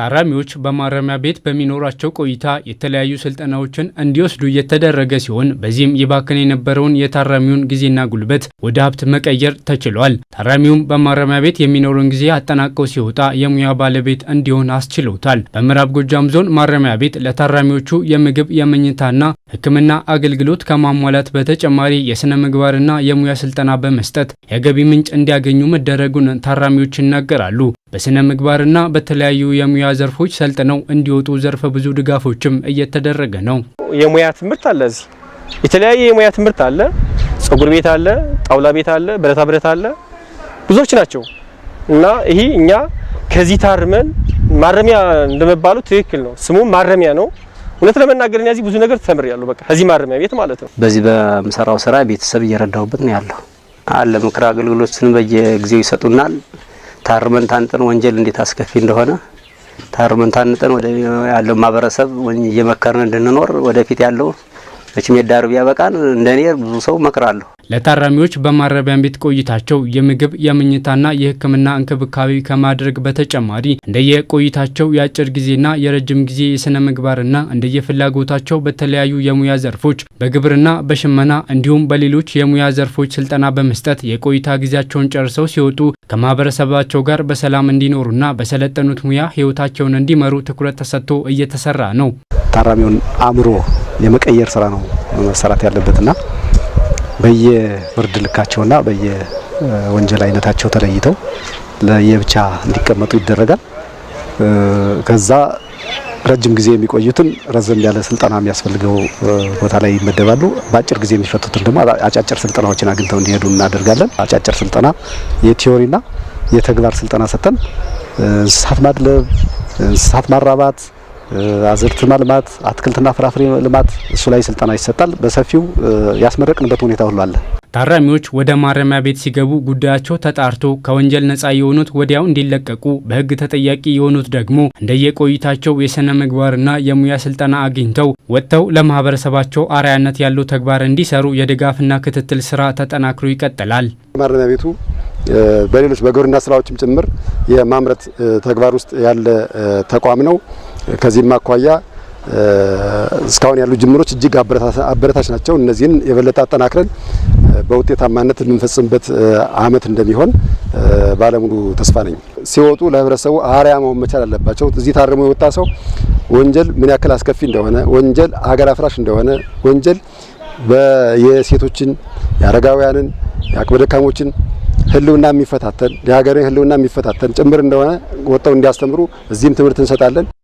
ታራሚዎች በማረሚያ ቤት በሚኖራቸው ቆይታ የተለያዩ ስልጠናዎችን እንዲወስዱ እየተደረገ ሲሆን በዚህም ይባክን የነበረውን የታራሚውን ጊዜና ጉልበት ወደ ሀብት መቀየር ተችሏል። ታራሚውም በማረሚያ ቤት የሚኖረውን ጊዜ አጠናቀው ሲወጣ የሙያ ባለቤት እንዲሆን አስችለውታል። በምዕራብ ጎጃም ዞን ማረሚያ ቤት ለታራሚዎቹ የምግብ የመኝታና ሕክምና አገልግሎት ከማሟላት በተጨማሪ የሥነ ምግባርና የሙያ ስልጠና በመስጠት የገቢ ምንጭ እንዲያገኙ መደረጉን ታራሚዎች ይናገራሉ። በሥነ ምግባርና በተለያዩ የሙያ ዘርፎች ሰልጥነው እንዲወጡ ዘርፈ ብዙ ድጋፎችም እየተደረገ ነው። የሙያ ትምህርት አለ፣ እዚህ የተለያየ የሙያ ትምህርት አለ። ጸጉር ቤት አለ፣ ጣውላ ቤት አለ፣ ብረታ ብረት አለ፣ ብዙዎች ናቸው እና ይሄ እኛ ከዚህ ታርመን ማረሚያ እንደመባሉ ትክክል ነው። ስሙም ማረሚያ ነው። እውነት ለመናገር እኔ እዚህ ብዙ ነገር ተምሬያለሁ። በቃ እዚህ ማረሚያ ቤት ማለት ነው። በዚህ በምሰራው ስራ ቤተሰብ እየረዳሁበት ነው ያለው አለ ምክር አገልግሎትን በየጊዜው ይሰጡናል። ታርመን ታንጠን ወንጀል እንዴት አስከፊ እንደሆነ ታርመን ታንጠን ወደ ያለው ማህበረሰብ እየመከርን እንድንኖር ወደፊት ያለው መቼም የዳር ቢያበቃን እንደኔ ብዙ ሰው መክራለሁ። ለታራሚዎች በማረቢያ ቤት ቆይታቸው የምግብ የምኝታና የሕክምና እንክብካቤ ከማድረግ በተጨማሪ እንደየቆይታቸው የአጭር ጊዜና የረጅም ጊዜ የስነ ምግባርና እንደየፍላጎታቸው በተለያዩ የሙያ ዘርፎች በግብርና፣ በሽመና እንዲሁም በሌሎች የሙያ ዘርፎች ስልጠና በመስጠት የቆይታ ጊዜያቸውን ጨርሰው ሲወጡ ከማህበረሰባቸው ጋር በሰላም እንዲኖሩና በሰለጠኑት ሙያ ህይወታቸውን እንዲመሩ ትኩረት ተሰጥቶ እየተሰራ ነው። ታራሚውን አእምሮ የመቀየር ስራ ነው መሰራት ያለበትና በየፍርድ ልካቸውና በየወንጀል አይነታቸው ተለይተው ለየብቻ እንዲቀመጡ ይደረጋል። ከዛ ረጅም ጊዜ የሚቆዩትን ረዘም ያለ ስልጠና የሚያስፈልገው ቦታ ላይ ይመደባሉ። በአጭር ጊዜ የሚፈቱትን ደግሞ አጫጭር ስልጠናዎችን አግኝተው እንዲሄዱ እናደርጋለን። አጫጭር ስልጠና የቲዮሪና የተግባር ስልጠና ሰጥተን እንስሳት ማድለብ፣ እንስሳት ማራባት አዝርት ማልማት፣ አትክልትና ፍራፍሬ ልማት እሱ ላይ ስልጠና ይሰጣል። በሰፊው ያስመረቅንበት ሁኔታ ሁሉ አለ። ታራሚዎች ወደ ማረሚያ ቤት ሲገቡ ጉዳያቸው ተጣርቶ ከወንጀል ነጻ የሆኑት ወዲያው እንዲለቀቁ፣ በህግ ተጠያቂ የሆኑት ደግሞ እንደየቆይታቸው የሥነ ምግባርና የሙያ ስልጠና አግኝተው ወጥተው ለማህበረሰባቸው አርአያነት ያለው ተግባር እንዲሰሩ የድጋፍና ክትትል ስራ ተጠናክሮ ይቀጥላል። ማረሚያ ቤቱ በሌሎች በግብርና ስራዎችም ጭምር የማምረት ተግባር ውስጥ ያለ ተቋም ነው። ከዚህም አኳያ እስካሁን ያሉ ጅምሮች እጅግ አበረታች ናቸው። እነዚህን የበለጠ አጠናክረን በውጤታማነት የምንፈጽምበት አመት እንደሚሆን ባለሙሉ ተስፋ ነኝ። ሲወጡ ለህብረተሰቡ አርያ መሆን መቻል አለባቸው። እዚህ ታርሞ የወጣ ሰው ወንጀል ምን ያክል አስከፊ እንደሆነ፣ ወንጀል አገር አፍራሽ እንደሆነ፣ ወንጀል የሴቶችን፣ የአረጋውያንን፣ የአቅመ ደካሞችን ህልውና የሚፈታተን የሀገርን ህልውና የሚፈታተን ጭምር እንደሆነ ወጥተው እንዲያስተምሩ እዚህም ትምህርት እንሰጣለን።